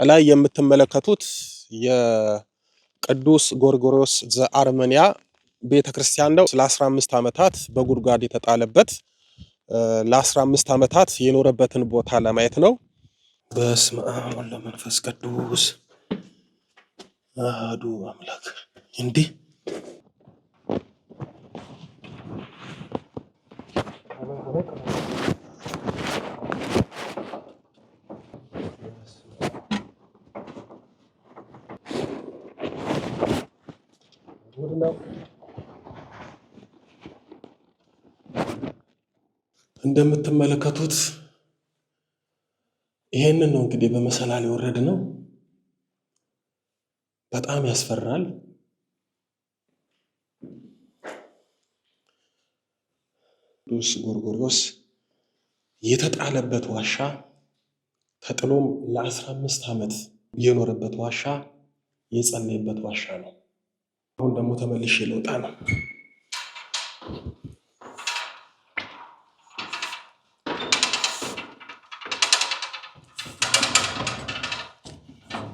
ከላይ የምትመለከቱት የቅዱስ ጎርጎርዮስ ዘአርመንያ ቤተ ክርስቲያን ነው። ለ15 ዓመታት በጉድጓድ የተጣለበት ለ15 ዓመታት የኖረበትን ቦታ ለማየት ነው። በስመ አብ ወወልድ ወመንፈስ ቅዱስ አሐዱ አምላክ እንዲህ ጉድ እንደምትመለከቱት ይሄንን ነው እንግዲህ በመሰላል የወረድ ነው። በጣም ያስፈራል። ቅዱስ ጎርጎርዮስ የተጣለበት ዋሻ ተጥሎም ለአስራ አምስት ዓመት የኖረበት ዋሻ የጸለየበት ዋሻ ነው። አሁን ደግሞ ተመልሼ ልወጣ ነው።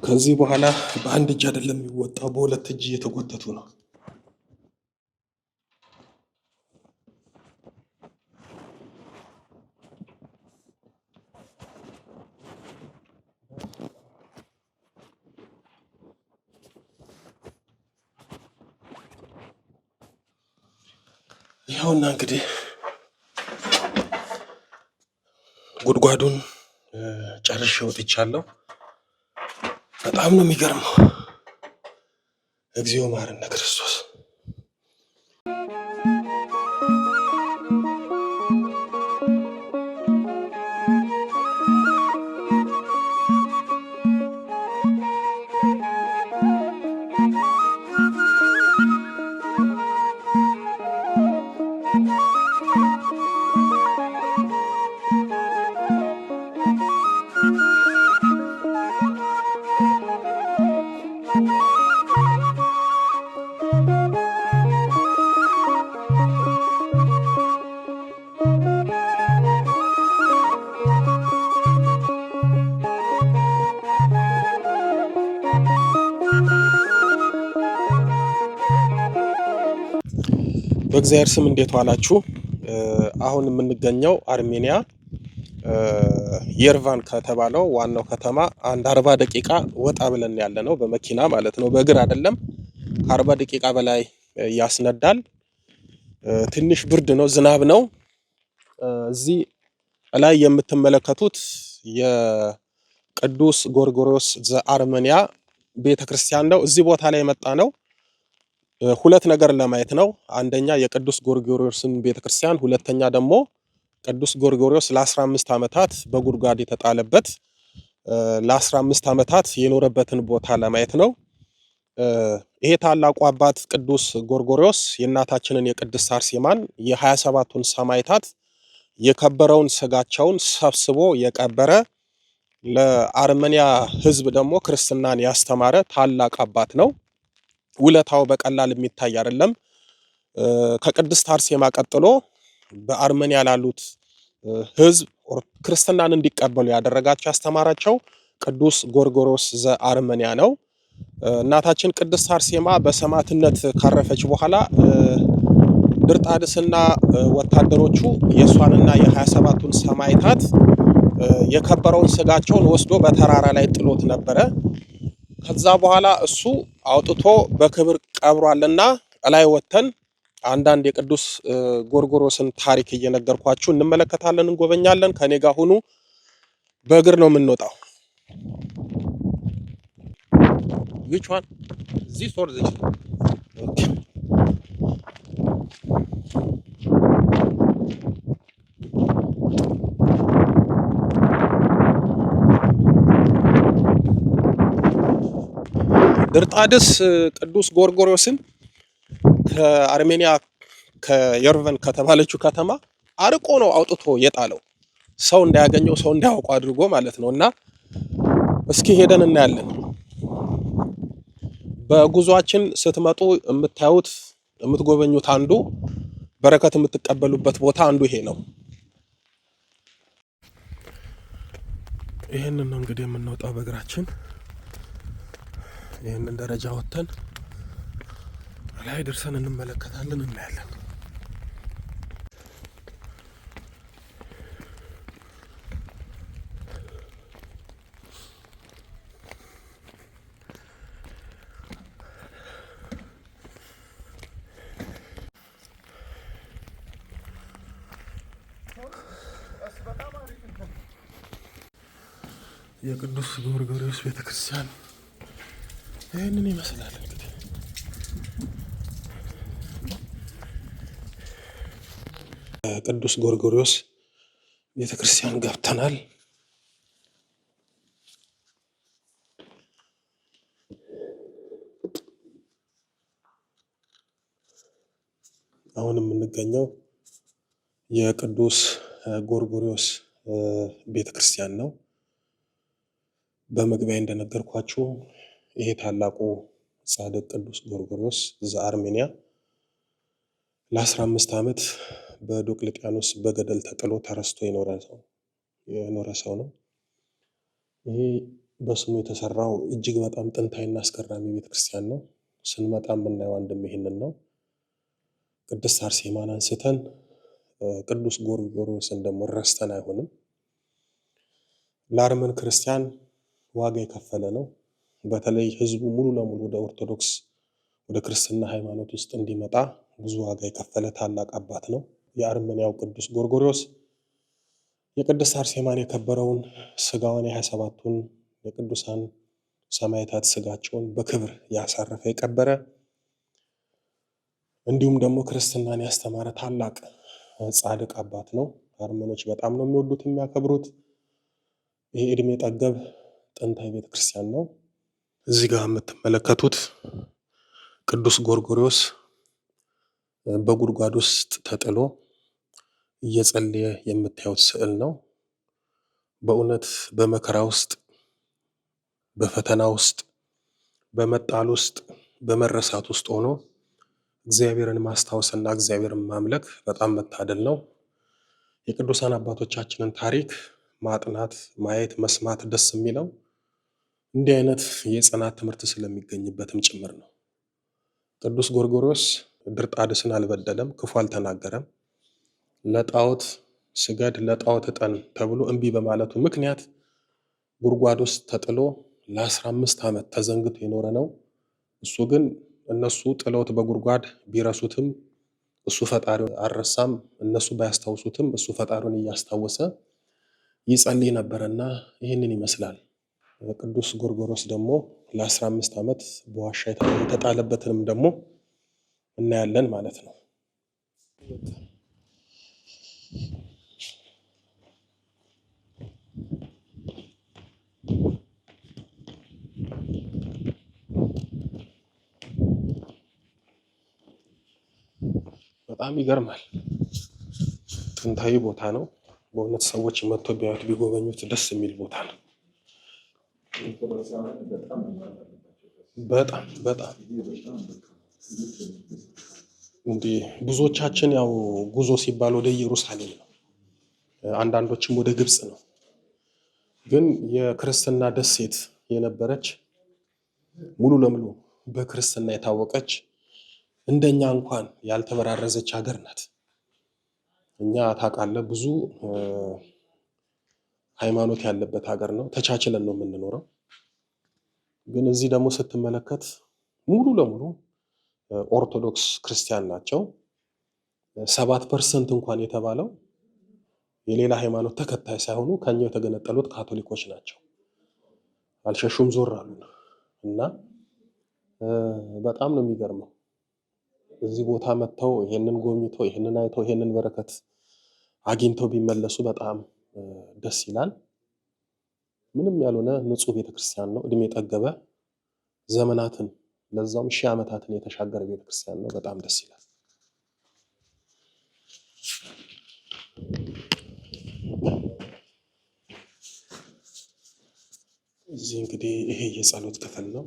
ከዚህ በኋላ በአንድ እጅ አይደለም የሚወጣው፣ በሁለት እጅ እየተጎተቱ ነው። ይኸውና እንግዲህ ጉድጓዱን ጨርሼ ወጥቻለሁ። በጣም ነው የሚገርመው። እግዚኦ መሐረነ ክርስቶስ በእግዚአብሔር ስም እንዴት ዋላችሁ? አሁን የምንገኘው አርሜኒያ የርቫን ከተባለው ዋናው ከተማ አንድ አርባ ደቂቃ ወጣ ብለን ያለ ነው፣ በመኪና ማለት ነው። በእግር አይደለም። ከአርባ ደቂቃ በላይ ያስነዳል። ትንሽ ብርድ ነው፣ ዝናብ ነው። እዚህ ላይ የምትመለከቱት የቅዱስ ጎርጎሪዎስ ዘአርመንያ ቤተክርስቲያን ነው። እዚህ ቦታ ላይ የመጣ ነው ሁለት ነገር ለማየት ነው። አንደኛ የቅዱስ ጎርጎሪዎስን ቤተክርስቲያን፣ ሁለተኛ ደግሞ ቅዱስ ጎርጎሪዎስ ለ15 ዓመታት በጉድጓድ የተጣለበት ለ15 ዓመታት የኖረበትን ቦታ ለማየት ነው። ይሄ ታላቁ አባት ቅዱስ ጎርጎሪዎስ የእናታችንን የቅድስት አርሴማን የ27ቱን ሰማዕታት የከበረውን ስጋቸውን ሰብስቦ የቀበረ ለአርመንያ ሕዝብ ደግሞ ክርስትናን ያስተማረ ታላቅ አባት ነው። ውለታው በቀላል የሚታይ አይደለም። ከቅድስት አርሴማ ቀጥሎ በአርመኒያ ላሉት ህዝብ ክርስትናን እንዲቀበሉ ያደረጋቸው ያስተማራቸው ቅዱስ ጎርጎሮስ ዘአርመኒያ ነው። እናታችን ቅድስት አርሴማ በሰማዕትነት ካረፈች በኋላ ድርጣድስና ወታደሮቹ የእሷንና የ27ቱን ሰማዕታት የከበረውን ስጋቸውን ወስዶ በተራራ ላይ ጥሎት ነበረ። ከዛ በኋላ እሱ አውጥቶ በክብር ቀብሯልና ቀላይ ወተን አንዳንድ የቅዱስ ጎርጎሮስን ታሪክ እየነገርኳችሁ እንመለከታለን፣ እንጎበኛለን። ከኔ ጋር ሁኑ። በእግር ነው የምንወጣው። ዊች እዚህ ሶር ዝች ድርጣድስ ቅዱስ ጎርጎርዮስን ከአርሜኒያ ከየርቨን ከተባለችው ከተማ አርቆ ነው አውጥቶ የጣለው። ሰው እንዳያገኘው ሰው እንዳያውቁ አድርጎ ማለት ነው። እና እስኪ ሄደን እናያለን። በጉዟችን ስትመጡ የምታዩት የምትጎበኙት አንዱ በረከት የምትቀበሉበት ቦታ አንዱ ይሄ ነው። ይህንን ነው እንግዲህ የምንወጣው በእግራችን ይህንን ደረጃ ወጥተን ላይ ደርሰን እንመለከታለን፣ እናያለን። የቅዱስ ጎርጎርዮስ ቤተክርስቲያን ይህንን ይመስላል እንግዲህ ቅዱስ ጎርጎሪዎስ ቤተ ክርስቲያን ገብተናል። አሁን የምንገኘው የቅዱስ ጎርጎሪዎስ ቤተ ክርስቲያን ነው። በመግቢያ እንደነገርኳችሁ ይሄ ታላቁ ጻድቅ ቅዱስ ጎርጎርዮስ ዘአርሜንያ ለ15 ዓመት በዶቅልጥያኖስ በገደል ተጥሎ ተረስቶ የኖረ ሰው ነው። ይሄ በስሙ የተሰራው እጅግ በጣም ጥንታዊና አስገራሚ ቤተክርስቲያን ነው። ስንመጣ የምናየው አንድም ይህንን ነው። ቅድስት አርሴማን አንስተን ቅዱስ ጎርጎርዮስን ደግሞ ረስተን አይሆንም። ለአርመን ክርስቲያን ዋጋ የከፈለ ነው። በተለይ ህዝቡ ሙሉ ለሙሉ ወደ ኦርቶዶክስ ወደ ክርስትና ሃይማኖት ውስጥ እንዲመጣ ብዙ ዋጋ የከፈለ ታላቅ አባት ነው። የአርመንያው ቅዱስ ጎርጎሪዎስ የቅድስት አርሴማን የከበረውን ስጋውን የሃያ ሰባቱን የቅዱሳን ሰማዕታት ስጋቸውን በክብር ያሳረፈ የቀበረ እንዲሁም ደግሞ ክርስትናን ያስተማረ ታላቅ ጻድቅ አባት ነው። አርመኖች በጣም ነው የሚወዱት የሚያከብሩት። ይሄ እድሜ ጠገብ ጥንታዊ ቤተክርስቲያን ነው። እዚህ ጋር የምትመለከቱት ቅዱስ ጎርጎሪዎስ በጉድጓድ ውስጥ ተጥሎ እየጸለየ የምታዩት ስዕል ነው። በእውነት በመከራ ውስጥ፣ በፈተና ውስጥ፣ በመጣል ውስጥ፣ በመረሳት ውስጥ ሆኖ እግዚአብሔርን ማስታወስና እግዚአብሔርን ማምለክ በጣም መታደል ነው። የቅዱሳን አባቶቻችንን ታሪክ ማጥናት፣ ማየት፣ መስማት ደስ የሚለው እንዲህ አይነት የጽናት ትምህርት ስለሚገኝበትም ጭምር ነው። ቅዱስ ጎርጎርዮስ ድርጣድስን አልበደለም፣ ክፉ አልተናገረም። ለጣዖት ስገድ፣ ለጣዖት እጠን ተብሎ እምቢ በማለቱ ምክንያት ጉድጓድ ውስጥ ተጥሎ ለአስራ አምስት ዓመት ተዘንግቶ የኖረ ነው። እሱ ግን እነሱ ጥለውት በጉድጓድ ቢረሱትም እሱ ፈጣሪውን አልረሳም። እነሱ ባያስታውሱትም እሱ ፈጣሪውን እያስታወሰ ይጸልይ ነበረና ይህንን ይመስላል። ቅዱስ ጎርጎሮስ ደግሞ ለ15 ዓመት በዋሻ የተጣለበትንም ደግሞ እናያለን ማለት ነው። በጣም ይገርማል። ጥንታዊ ቦታ ነው። በእውነት ሰዎች መጥቶ ቢያዩት ቢጎበኙት ደስ የሚል ቦታ ነው። በጣም በጣም እንዲህ ብዙዎቻችን ያው ጉዞ ሲባል ወደ ኢየሩሳሌም ነው፣ አንዳንዶችም ወደ ግብፅ ነው። ግን የክርስትና ደሴት የነበረች ሙሉ ለሙሉ በክርስትና የታወቀች እንደኛ እንኳን ያልተበራረዘች ሀገር ናት። እኛ ታውቃለህ፣ ብዙ ሃይማኖት ያለበት ሀገር ነው። ተቻችለን ነው የምንኖረው። ግን እዚህ ደግሞ ስትመለከት ሙሉ ለሙሉ ኦርቶዶክስ ክርስቲያን ናቸው። ሰባት ፐርሰንት እንኳን የተባለው የሌላ ሃይማኖት ተከታይ ሳይሆኑ ከኛው የተገነጠሉት ካቶሊኮች ናቸው። አልሸሹም፣ ዞር አሉ እና በጣም ነው የሚገርመው። እዚህ ቦታ መጥተው ይሄንን ጎብኝተው ይሄንን አይተው ይሄንን በረከት አግኝተው ቢመለሱ በጣም ደስ ይላል። ምንም ያልሆነ ንጹህ ቤተክርስቲያን ነው። እድሜ የጠገበ ዘመናትን ለዛውም ሺህ ዓመታትን የተሻገረ ቤተክርስቲያን ነው። በጣም ደስ ይላል። እዚህ እንግዲህ ይሄ የጸሎት ክፍል ነው።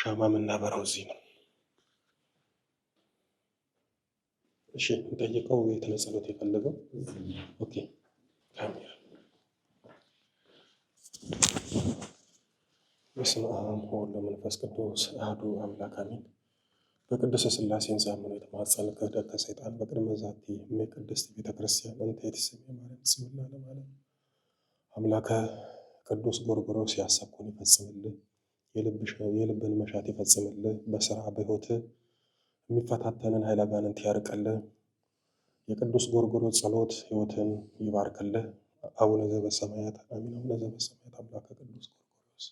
ሻማ የምናበረው እዚህ ነው። እሺ፣ የምጠይቀው የተለ ጸሎት የፈለገው ኦኬ ካሜራ በስመ አብ ወወልድ ወመንፈስ ቅዱስ አሐዱ አምላክ አሜን። በቅዱስ ስላሴ ህንፃ ምን የተማጸን ክህደት በቅድመ ዛቲ ቅድስት ቤተ ክርስቲያን እንተ ይትስመ ማርያም ጽዮን አምላከ ቅዱስ ጎርጎርዮስ ያሰብኩን ይፈጽምልህ፣ የልብን መሻት ይፈጽምልህ፣ በስራ በህይወት የሚፈታተንን ኃይለ አጋንንት ያርቅልህ። የቅዱስ ጎርጎሮስ ጸሎት ህይወትን ይባርክልህ። አቡነ ዘበሰማያት አሚን። አቡነ ዘበሰማያት አምላከ ቅዱስ ጎርጎርዮስ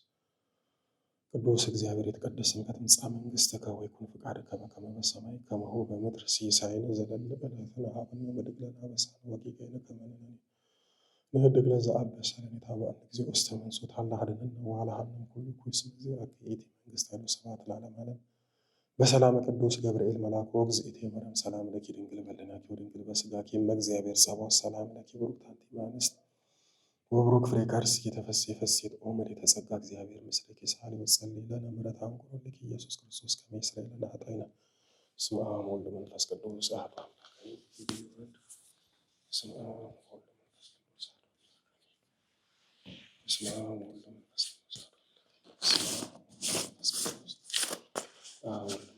ቅዱስ እግዚአብሔር የተቀደሰ ከትምጻ መንግስት ከወይኩን ፍቃድ ከመከመ በሰማይ ከመሆ በምድር ሲሳይን ዘለለ በለትን ሀብነ በድግለን አበሳን ወጌጋይነ ከመንነን ንህድግ ለዛ አበሰረን የታባል ጊዜ ውስተ መንሱት አላህድንን ሀብን ኩሉ ኩስ ጊዜ አክኢቲ መንግስት ያሉ ስብሐት ለዓለመ በሰላም ቅዱስ ገብርኤል መልአክ ወእግዝእትየ ሰላም ለኪ ድንግል በልናኪ ወድንግል በስጋኪ እመ እግዚአብሔር ጸባኦት ሰላም ለኪ ብሩክታንቲ እምአንስት ወብሩክ ፍሬ ከርስ የተፈስ የፈሴት ኦመድ የተጸጋ እግዚአብሔር ምስለ ኬሳን የምጸልይ ለነ ምረት አንጎልክ ኢየሱስ ክርስቶስ ከመ ይስረይ ለነ ኃጣኢነ ስመ አብ ወወልድ ወመንፈስ ቅዱስ አሐዱ አምላክ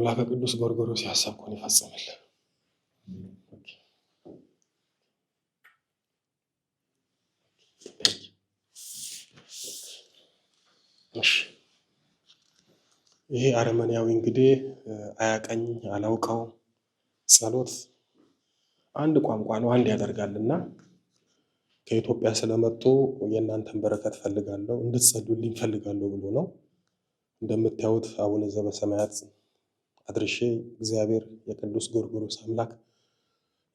አምላከ ቅዱስ ጎርጎርዮስ ያሰብኩን ይፈጽምልን። ይሄ አረመኔያዊ እንግዲህ አያቀኝ አላውቀው ጸሎት አንድ ቋንቋ ነው፣ አንድ እና ከኢትዮጵያ ስለመጡ የእናንተን በረከት ፈልጋለሁ እንድትጸልዩልኝ ፈልጋለሁ ብሎ ነው። እንደምታዩት አቡነ ዘበሰማያት አድርሼ እግዚአብሔር የቅዱስ ጎርጎሮስ አምላክ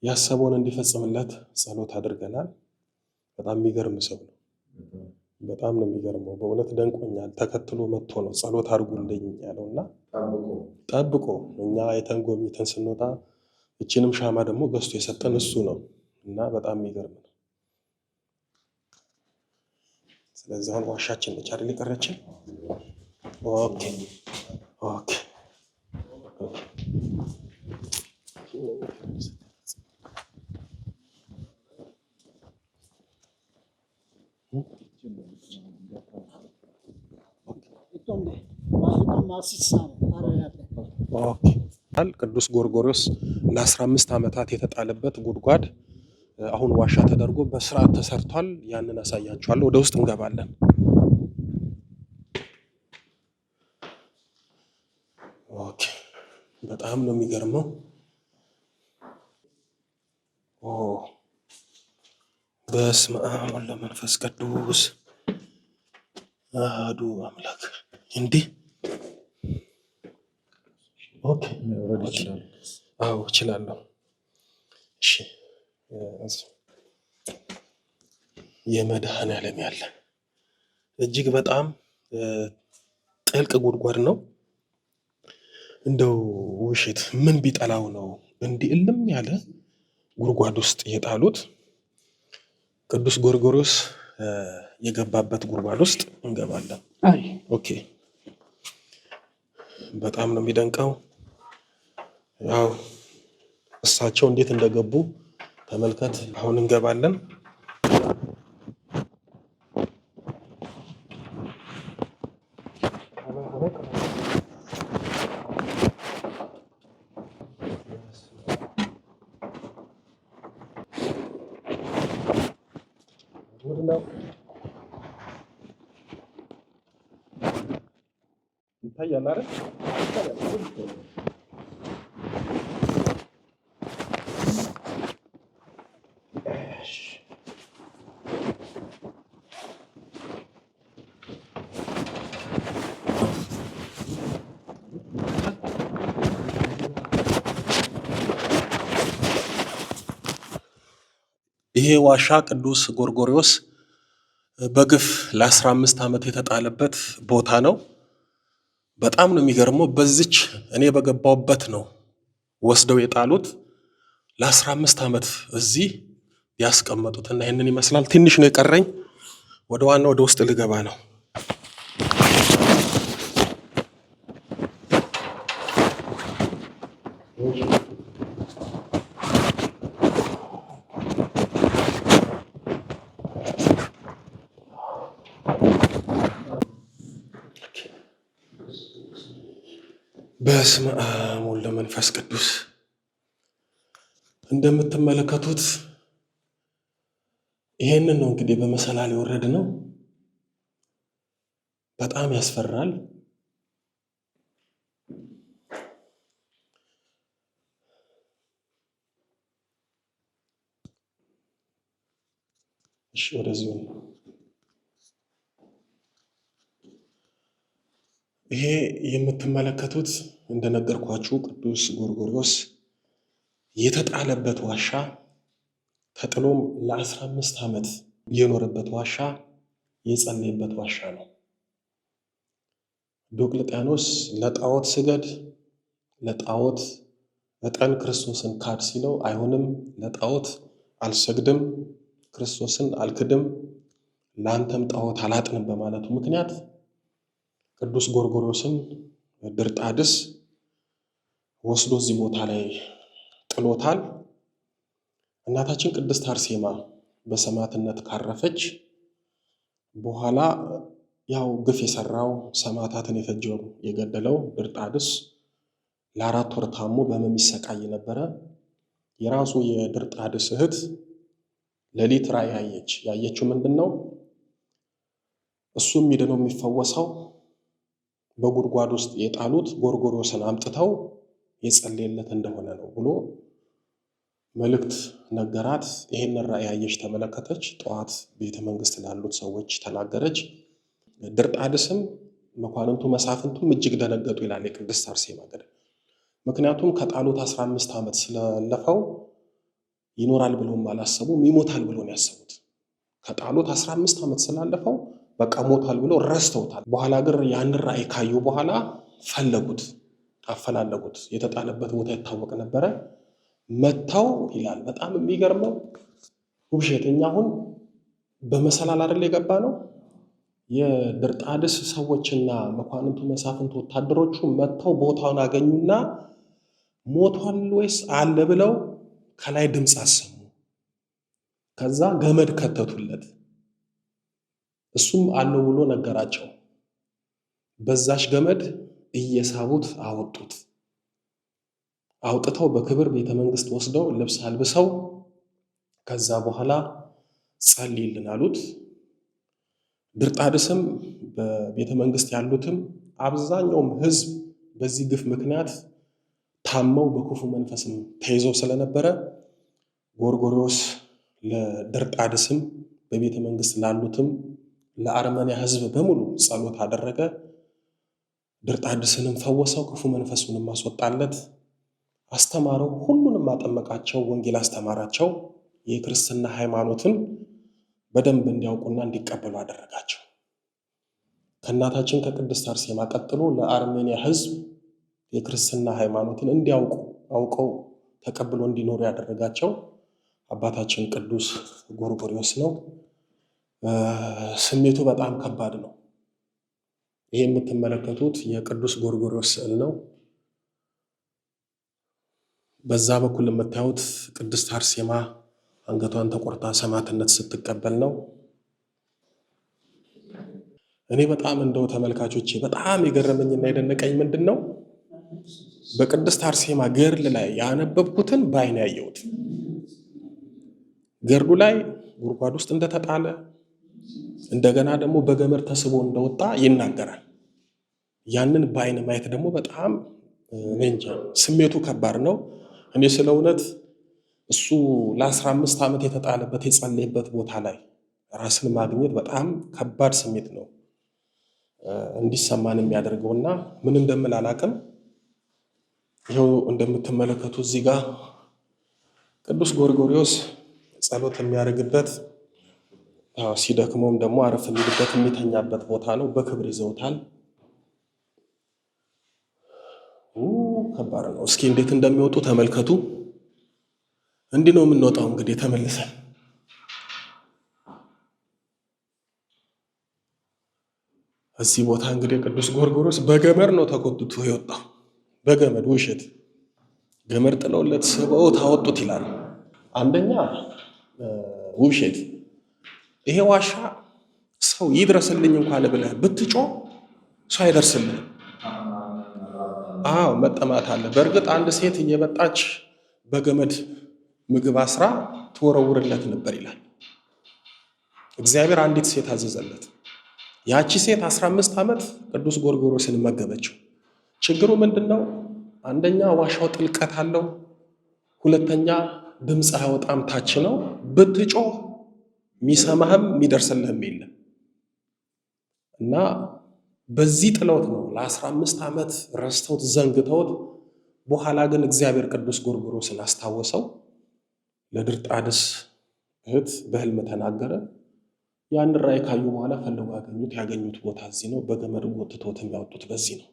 ያሰበውን እንዲፈጽምለት ጸሎት አድርገናል። በጣም የሚገርም ሰው ነው። በጣም ነው የሚገርመው። በእውነት ደንቆኛል። ተከትሎ መጥቶ ነው ጸሎት አድርጉልኝ ያለው እና ጠብቆ እኛ አይተን ጎብኝተን ስንወጣ እችንም ሻማ ደግሞ ገዝቶ የሰጠን እሱ ነው እና በጣም የሚገርም ነው። ስለዚህ አሁን ዋሻችን ነች አይደል የቀረችን? ኦኬ ኦኬ ቅዱስ ጎርጎሪዎስ ለ15 ዓመታት የተጣለበት ጉድጓድ አሁን ዋሻ ተደርጎ በስርዓት ተሰርቷል። ያንን አሳያችኋለሁ። ወደ ውስጥ እንገባለን። ኦኬ በጣም ነው የሚገርመው። በስመ አብ ወወልድ ወመንፈስ ቅዱስ አሐዱ አምላክ። እንዲህ ኦኬ፣ እችላለሁ። እሺ፣ ዓለም ያለ እጅግ በጣም ጥልቅ ጉድጓድ ነው። እንደው ውሸት ምን ቢጠላው ነው እንዲህ እልም ያለ ጉድጓድ ውስጥ የጣሉት? ቅዱስ ጎርጎሮስ የገባበት ጉድጓድ ውስጥ እንገባለን። ኦኬ፣ በጣም ነው የሚደንቀው። ያው እሳቸው እንዴት እንደገቡ ተመልከት። አሁን እንገባለን። ይላል አይደል? ይሄ ዋሻ ቅዱስ ጎርጎሪዎስ በግፍ ለ15 ዓመት የተጣለበት ቦታ ነው። በጣም ነው የሚገርመው። በዚች እኔ በገባውበት ነው ወስደው የጣሉት ለአስራ አምስት ዓመት እዚህ ያስቀመጡትና ይህንን ይመስላል። ትንሽ ነው የቀረኝ። ወደ ዋና ወደ ውስጥ ልገባ ነው። Thank you. በስመ አብ ወወልድ ወመንፈስ ቅዱስ። እንደምትመለከቱት ይሄንን ነው እንግዲህ በመሰላል የወረድ ነው። በጣም ያስፈራል። እሺ ወደዚሁ ይሄ የምትመለከቱት እንደነገርኳችሁ ቅዱስ ጎርጎርዮስ የተጣለበት ዋሻ ተጥሎም ለአስራ አምስት ዓመት የኖረበት ዋሻ የጸለየበት ዋሻ ነው። ዶቅልጥያኖስ ለጣዖት ስገድ፣ ለጣዖት እጠን ክርስቶስን ካድ ሲለው አይሆንም፣ ለጣዖት አልሰግድም፣ ክርስቶስን አልክድም፣ ለአንተም ጣዖት አላጥንም በማለቱ ምክንያት ቅዱስ ጎርጎርዮስን ድርጣድስ ወስዶ እዚህ ቦታ ላይ ጥሎታል። እናታችን ቅድስት አርሴማ በሰማዕትነት ካረፈች በኋላ ያው ግፍ የሰራው ሰማዕታትን የፈጀው የገደለው ድርጣድስ ለአራት ወር ታሞ በሕመም ይሰቃይ ነበረ። የራሱ የድርጣድስ እህት ሌሊት ራእይ ያየች። ያየችው ምንድን ነው? እሱ የሚድነው የሚፈወሰው በጉድጓድ ውስጥ የጣሉት ጎርጎሮስን አምጥተው የጸለየለት እንደሆነ ነው ብሎ መልእክት ነገራት። ይሄንን ራእይ አየች፣ ተመለከተች። ጠዋት ቤተ መንግስት ላሉት ሰዎች ተናገረች። ድርጣድስም መኳንንቱ መሳፍንቱም እጅግ ደነገጡ ይላል የቅድስት አርሴማ ገድል። ምክንያቱም ከጣሉት 15 ዓመት ስለለፈው ይኖራል ብሎም አላሰቡም፣ ይሞታል ብሎን ያሰቡት። ከጣሉት 15 ዓመት ስላለፈው በቃ ሞቷል ብሎ ረስተውታል። በኋላ ግን ያን ራእይ ካዩ በኋላ ፈለጉት፣ አፈላለጉት። የተጣለበት ቦታ ይታወቅ ነበረ። መጥተው ይላል። በጣም የሚገርመው ውብሸተኛ እኛ አሁን በመሰላል አይደል የገባ ነው። የድርጣድስ ሰዎችና መኳንንቱ፣ መሳፍንቱ፣ ወታደሮቹ መጥተው ቦታውን አገኙና ሞቷል ወይስ አለ ብለው ከላይ ድምፅ አሰሙ። ከዛ ገመድ ከተቱለት። እሱም አለው ብሎ ነገራቸው። በዛች ገመድ እየሳቡት አወጡት። አውጥተው በክብር ቤተ መንግስት ወስደው ልብስ አልብሰው ከዛ በኋላ ጸልይልን አሉት። ድርጣድስም በቤተ መንግስት ያሉትም አብዛኛውም ህዝብ በዚህ ግፍ ምክንያት ታመው በክፉ መንፈስም ተይዘው ስለነበረ ጎርጎሪዎስ ለድርጣድስም በቤተ መንግስት ላሉትም ለአርመንያ ህዝብ በሙሉ ጸሎት አደረገ። ድርጣድስንም ፈወሰው፣ ክፉ መንፈሱንም አስወጣለት፣ አስተማረው፣ ሁሉንም አጠመቃቸው፣ ወንጌል አስተማራቸው። የክርስትና ሃይማኖትን በደንብ እንዲያውቁና እንዲቀበሉ አደረጋቸው። ከእናታችን ከቅድስት አርሴማ ቀጥሎ ለአርሜንያ ህዝብ የክርስትና ሃይማኖትን እንዲያውቁ አውቀው ተቀብሎ እንዲኖሩ ያደረጋቸው አባታችን ቅዱስ ጎርጎሪዎስ ነው። ስሜቱ በጣም ከባድ ነው። ይህ የምትመለከቱት የቅዱስ ጎርጎሪዎስ ስዕል ነው። በዛ በኩል የምታዩት ቅድስት አርሴማ አንገቷን ተቆርጣ ሰማዕትነት ስትቀበል ነው። እኔ በጣም እንደው ተመልካቾቼ በጣም የገረመኝና የደነቀኝ ምንድን ነው በቅድስት አርሴማ ገርል ላይ ያነበብኩትን ባይን ያየሁት ገርሉ ላይ ጉድጓድ ውስጥ እንደተጣለ እንደገና ደግሞ በገመድ ተስቦ እንደወጣ ይናገራል። ያንን በአይን ማየት ደግሞ በጣም እንጃ ስሜቱ ከባድ ነው። እኔ ስለ እውነት እሱ ለአስራ አምስት ዓመት የተጣለበት የጸለየበት ቦታ ላይ ራስን ማግኘት በጣም ከባድ ስሜት ነው እንዲሰማን የሚያደርገው እና ምን እንደምል አላቅም። ይኸው እንደምትመለከቱ እዚህ ጋር ቅዱስ ጎርጎሪዎስ ጸሎት የሚያደርግበት ሲደክመውም ደግሞ አረፍ የሚልበት የሚተኛበት ቦታ ነው። በክብር ይዘውታል። ከባድ ነው። እስኪ እንዴት እንደሚወጡ ተመልከቱ። እንዲህ ነው የምንወጣው እንግዲህ ተመልሰን እዚህ ቦታ እንግዲህ ቅዱስ ጎርጎሮስ በገመድ ነው ተኮትቶ የወጣው። በገመድ ውሸት ገመድ ጥለውለት ስበው ታወጡት ይላል። አንደኛ ውሸት ይሄ ዋሻ ሰው ይድረስልኝ እንኳን ብለህ ብትጮ ሰው አይደርስልህም። አዎ መጠማት አለ። በእርግጥ አንድ ሴት እየመጣች በገመድ ምግብ አስራ ትወረውርለት ነበር ይላል። እግዚአብሔር አንዲት ሴት አዘዘለት። ያቺ ሴት 15 ዓመት ቅዱስ ጎርጎሮስን መገበችው። ችግሩ ምንድን ነው? አንደኛ ዋሻው ጥልቀት አለው፣ ሁለተኛ ድምፅ አያወጣም፣ ታች ነው። ብትጮህ የሚሰማህም የሚደርስልህም የለም እና በዚህ ጥለውት ነው ለአስራ አምስት ዓመት ረስተውት ዘንግተውት በኋላ ግን እግዚአብሔር ቅዱስ ጎርጎሮ ስላስታወሰው ለድርጣድስ እህት በህልም ተናገረ። ያን ራእይ ካዩ በኋላ ፈልጎ ያገኙት ያገኙት ቦታ እዚህ ነው። በገመድ ጎትቶት የሚያወጡት በዚህ ነው።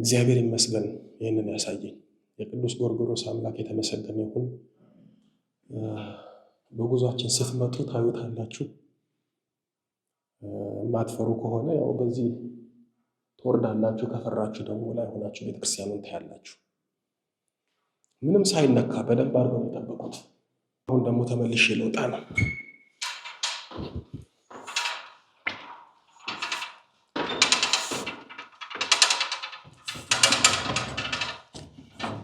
እግዚአብሔር ይመስገን ይህንን ያሳየኝ። የቅዱስ ጎርጎሮስ አምላክ የተመሰገነ ይሁን። በጉዟችን ስትመጡ ታዩታላችሁ። የማትፈሩ ከሆነ ያው በዚህ ትወርዳላችሁ። ከፈራችሁ ደግሞ ላይ ሆናችሁ ቤተክርስቲያኑን ታያላችሁ። ምንም ሳይነካ በደንብ አድርገው ነው የጠበቁት። አሁን ደግሞ ተመልሼ ልውጣ ነው።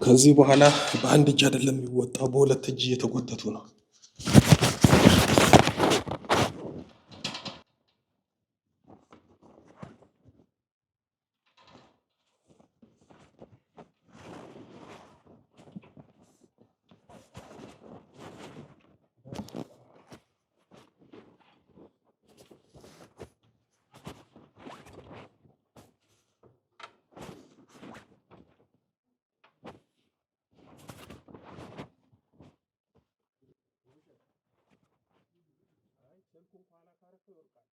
ከዚህ በኋላ በአንድ እጅ አይደለም የሚወጣው፣ በሁለት እጅ እየተጎተቱ ነው። ልክ እንኳን ይወርቃል።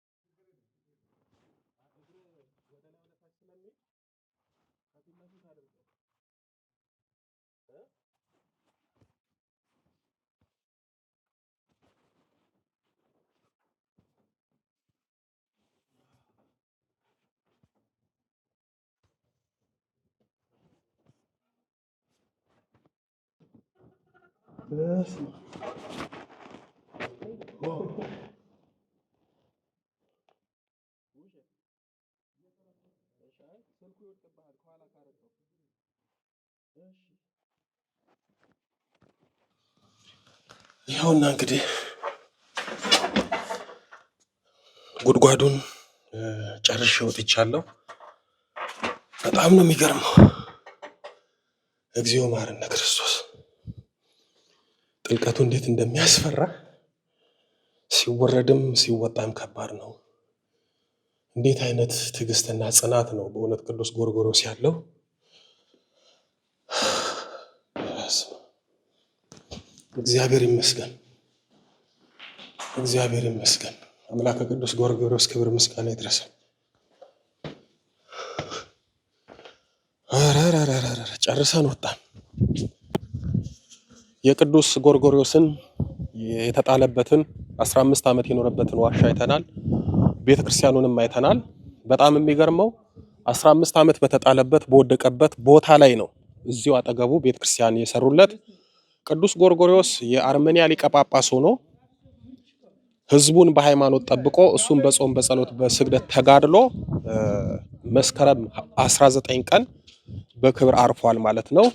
እግር ወደ ላይ ወደ ታች ስለሚሄድ ከፊት ለፊት አድርገው እኮ ይወድቅብሃል ከኋላ ካረገው። እሺ ይኸውና እንግዲህ ጉድጓዱን ጨርሼ ወጥቻለሁ። በጣም ነው የሚገርመው። እግዚኦ ማርነ ክርስቶስ! ጥልቀቱ እንዴት እንደሚያስፈራ ሲወረድም ሲወጣም ከባድ ነው። እንዴት አይነት ትዕግስትና ጽናት ነው በእውነት ቅዱስ ጎርጎሮስ ያለው። እግዚአብሔር ይመስገን፣ እግዚአብሔር ይመስገን። አምላከ ቅዱስ ጎርጎሮስ ክብር ምስጋና ይድረሰው። ጨርሰን ወጣን። የቅዱስ ጎርጎርዮስን የተጣለበትን አስራ አምስት ዓመት የኖረበትን ዋሻ አይተናል። ቤተክርስቲያኑንም አይተናል። በጣም የሚገርመው 15 ዓመት በተጣለበት በወደቀበት ቦታ ላይ ነው እዚሁ አጠገቡ ቤተክርስቲያን የሰሩለት። ቅዱስ ጎርጎሪዎስ የአርመኒያ ሊቀ ጳጳስ ሆኖ ህዝቡን በሃይማኖት ጠብቆ እሱም በጾም በጸሎት በስግደት ተጋድሎ መስከረም 19 ቀን በክብር አርፏል ማለት ነው።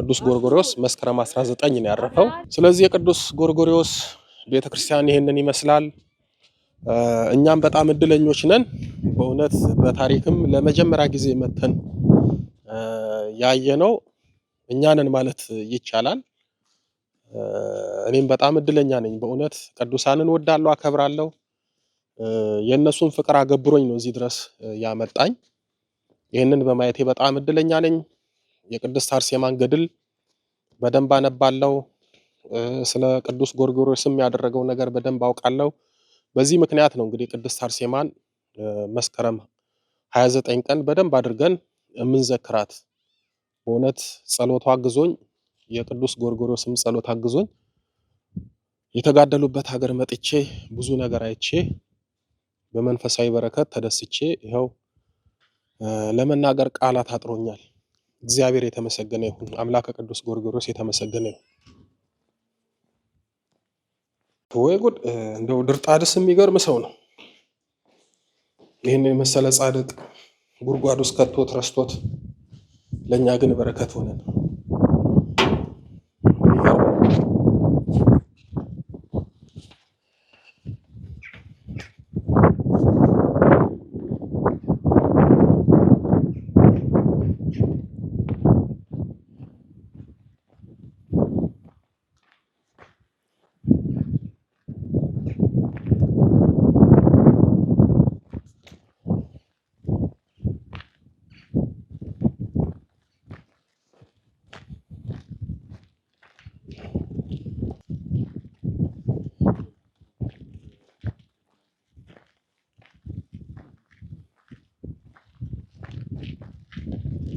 ቅዱስ ጎርጎሪዎስ መስከረም 19 ነው ያረፈው። ስለዚህ የቅዱስ ጎርጎሪዎስ ቤተክርስቲያን ይህንን ይመስላል። እኛም በጣም እድለኞች ነን። በእውነት በታሪክም ለመጀመሪያ ጊዜ መተን ያየነው እኛንን ማለት ይቻላል። እኔም በጣም እድለኛ ነኝ በእውነት ቅዱሳንን ወዳለሁ፣ አከብራለሁ። የእነሱን ፍቅር አገብሮኝ ነው እዚህ ድረስ ያመጣኝ። ይህንን በማየቴ በጣም እድለኛ ነኝ። የቅድስት አርሴማን ገድል በደንብ አነባለው ስለ ቅዱስ ጎርጎሮስም ያደረገው ነገር በደንብ አውቃለሁ። በዚህ ምክንያት ነው እንግዲህ ቅድስት አርሴማን መስከረም 29 ቀን በደንብ አድርገን የምንዘክራት። በእውነት ጸሎቷ አግዞኝ የቅዱስ ጎርጎሪዎስም ጸሎት አግዞኝ የተጋደሉበት ሀገር መጥቼ ብዙ ነገር አይቼ በመንፈሳዊ በረከት ተደስቼ ይኸው ለመናገር ቃላት አጥሮኛል። እግዚአብሔር የተመሰገነ ይሁን። አምላከ ቅዱስ ጎርጎርዮስ የተመሰገነ ይሁን። ወይ ጉድ! እንደው ድርጣድስ የሚገርም ሰው ነው። ይህን የመሰለ ጻድቅ ጉድጓድ ውስጥ ከቶት ረስቶት፣ ለእኛ ግን በረከት ሆነን